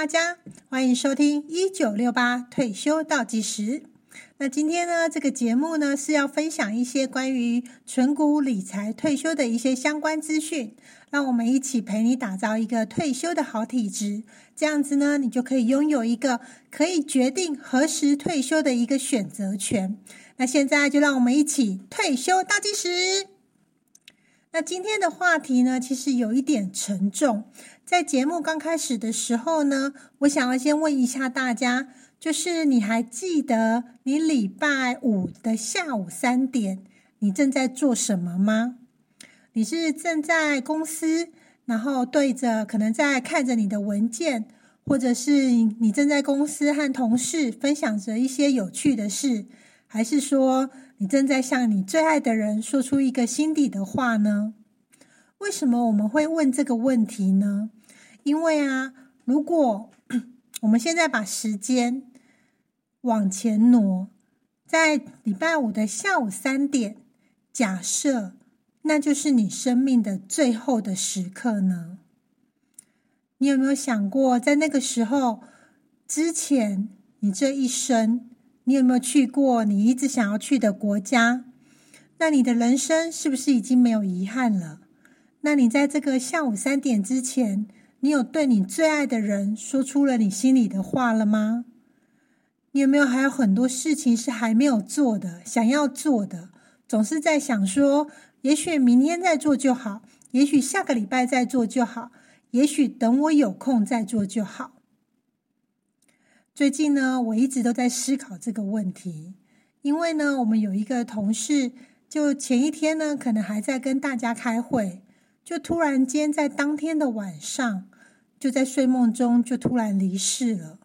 大家歡迎收聽一九六八退休倒計時。那今天呢，這個節目呢是要分享一些關於存股理財退休、的一些相關資訊，讓我們一起陪你打造一個退休的好體質，這樣子呢，你就可以擁有一個可以決定何時退休的一個選擇權。那現在就讓我們一起退休倒計時。那今天的話題呢，其實有一點沉重。在節目剛開始的時候呢，我想要先問一下大家，就是你還記得你禮拜五的下午三點，你正在做什麼嗎？你是正在公司，然後對着可能在看着你的文件，或者是你正在公司和同事分享着一些有趣的事，還是說你正在向你最愛的人說出一個心底的話呢？為什麼我們會問這個問題呢？因為啊，如果我們現在把時間往前挪，在禮拜五的下午三點，假設那就是你生命的最後的時刻呢？你有沒有想過，在那個時候之前，你這一生，你有沒有去過你一直想要去的國家？那你的人生是不是已經沒有遺憾了？那你在這個下午三點之前，你有對你最愛的人說出了你心裡的話了嗎？你有沒有還有很多事情是還沒有做的，想要做的，總是在想說，也許明天再做就好，也許下個禮拜再做就好，也許等我有空再做就好。最近呢，我一直都在思考這個問題，因為呢，我們有一個同事，就前一天呢，可能還在跟大家開會。就突然間在當天的晚上，就在睡夢中就突然離世了。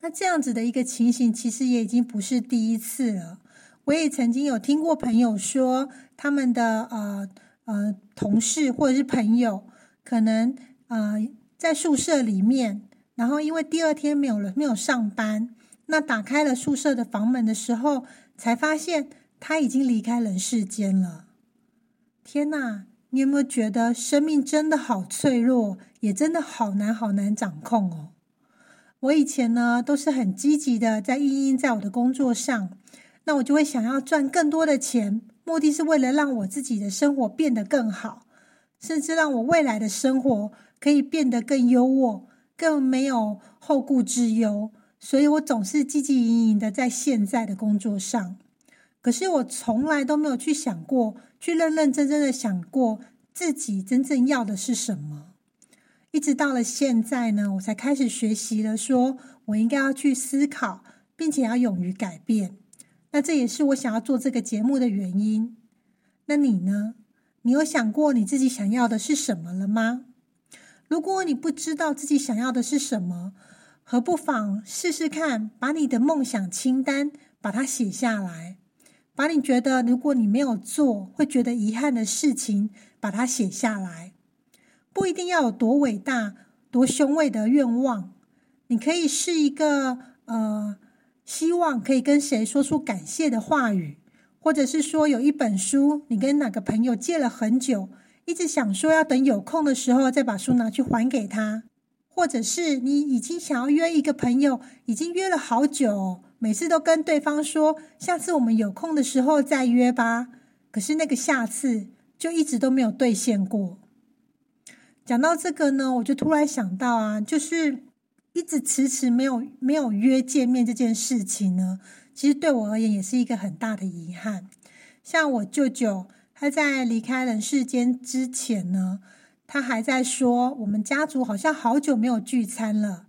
那這樣子的一個情形，其實也已經不是第一次了。我也曾經有聽過朋友說，他們的呃呃同事或者是朋友，可能呃在宿舍裡面，然後因為第二天沒有了沒有上班，那打開了宿舍的房門的時候，才發現他已經離開人世間了。天哪！你有沒有覺得生命真的好脆弱，也真的好難、好難掌控哦？我以前呢都是很積極的在經營在我的工作上，那我就會想要賺更多的錢，目的是為了讓我自己的生活變得更好，甚至讓我未來的生活可以變得更優渥、更沒有後顧之憂。所以我總是汲汲營營的在現在的工作上。可是我從來都沒有去想過，去認認真真的想過自己真正要的是什麼。一直到了現在呢，我才開始學習了說，說我應該要去思考，並且要勇於改變。那這也是我想要做這個節目的原因。那你呢？你有想過你自己想要的是什麼了嗎？如果你不知道自己想要的是什麼，何不妨試試看，把你的夢想清單把它寫下來。把你覺得如果你沒有做會覺得遺憾的事情，把它寫下來。不一定要有多偉大、多雄偉的願望，你可以是一個呃，希望可以跟誰說出感謝的話語，或者是說有一本書，你跟哪個朋友借了很久，一直想說要等有空的時候再把書拿去還給他，或者是你已經想要約一個朋友，已經約了好久。每次都跟對方說，下次我們有空的時候再約吧，可是那個下次就一直都沒有兌現過。講到這個呢，我就突然想到啊，就是一直遲遲沒有沒有約見面這件事情呢，其實對我而言也是一個很大的遺憾。像我舅舅，他在離開人世間之前呢，他還在說我們家族好像好久沒有聚餐了，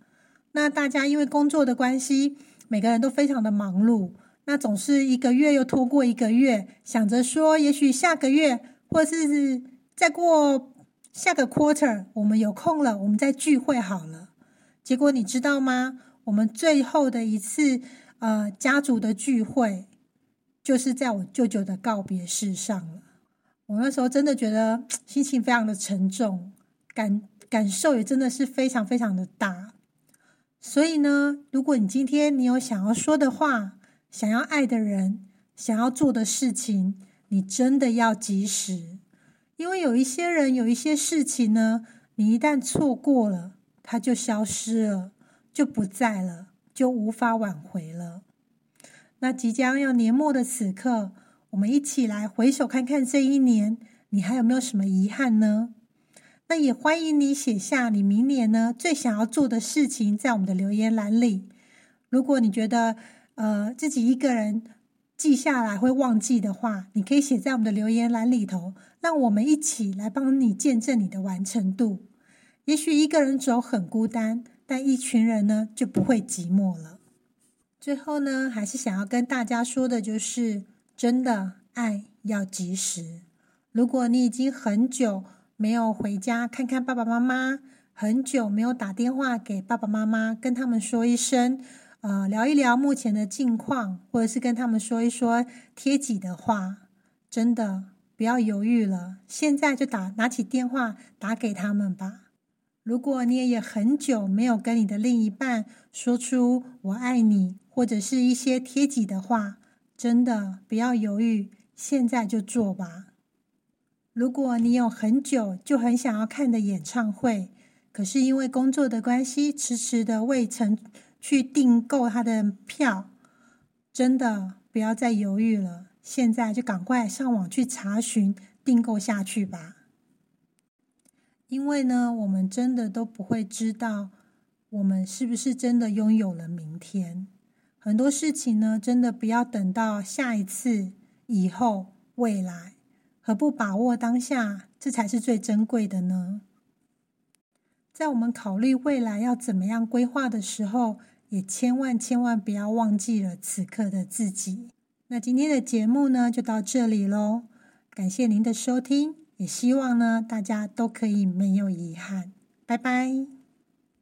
那大家因為工作的關係。每個人都非常的忙碌，那總是一個月又拖過一個月，想着說也許下個月，或者是再過下個 quarter，我們有空了，我們再聚會好了。結果你知道嗎？我們最後的一次呃、家族的聚會，就是在我舅舅的告別式上了。我那時候真的覺得心情非常的沉重，感、感受也真的是非常非常的大。所以呢，如果你今天你有想要說的話，想要愛的人，想要做的事情，你真的要及時，因為有一些人，有一些事情呢，你一旦錯過了，它就消失了，就不在了，就無法挽回了。那即將要年末的此刻，我們一起來回首看看這一年，你還有沒有什麼遺憾呢？那也歡迎你寫下你明年呢，最想要做的事情，在我們的留言欄裡。如果你覺得呃自己一個人記下來會忘記的話，你可以寫在我們的留言欄裡頭，讓我們一起來幫你見證你的完成度。也許一個人走很孤單，但一群人呢，就不會寂寞了。最後呢，還是想要跟大家說的就是，真的愛要及時。如果你已經很久沒有回家看看爸爸媽媽，很久沒有打電話給爸爸媽媽，跟他們說一聲，呃，聊一聊目前的近況，或者是跟他們說一說貼己的話，真的不要猶豫了，現在就打，拿起電話打給他們吧。如果你也很久沒有跟你的另一半說出“我愛你”，或者是一些貼己的話，真的不要猶豫，現在就做吧。如果你有很久就很想要看的演唱會，可是因為工作的關係，遲遲的未曾去訂購他的票，真的不要再猶豫了，現在就趕快上網去查詢訂購下去吧。因為呢，我們真的都不會知道我們是不是真的擁有了明天。很多事情呢，真的不要等到下一次、以後、未來。何不把握當下，這才是最珍貴的呢？在我們考慮未來要怎麼樣規劃的時候，也千萬千萬不要忘記了此刻的自己。那今天的節目呢，就到這裡嘍。感謝您的收聽，也希望呢，大家都可以沒有遺憾。拜拜。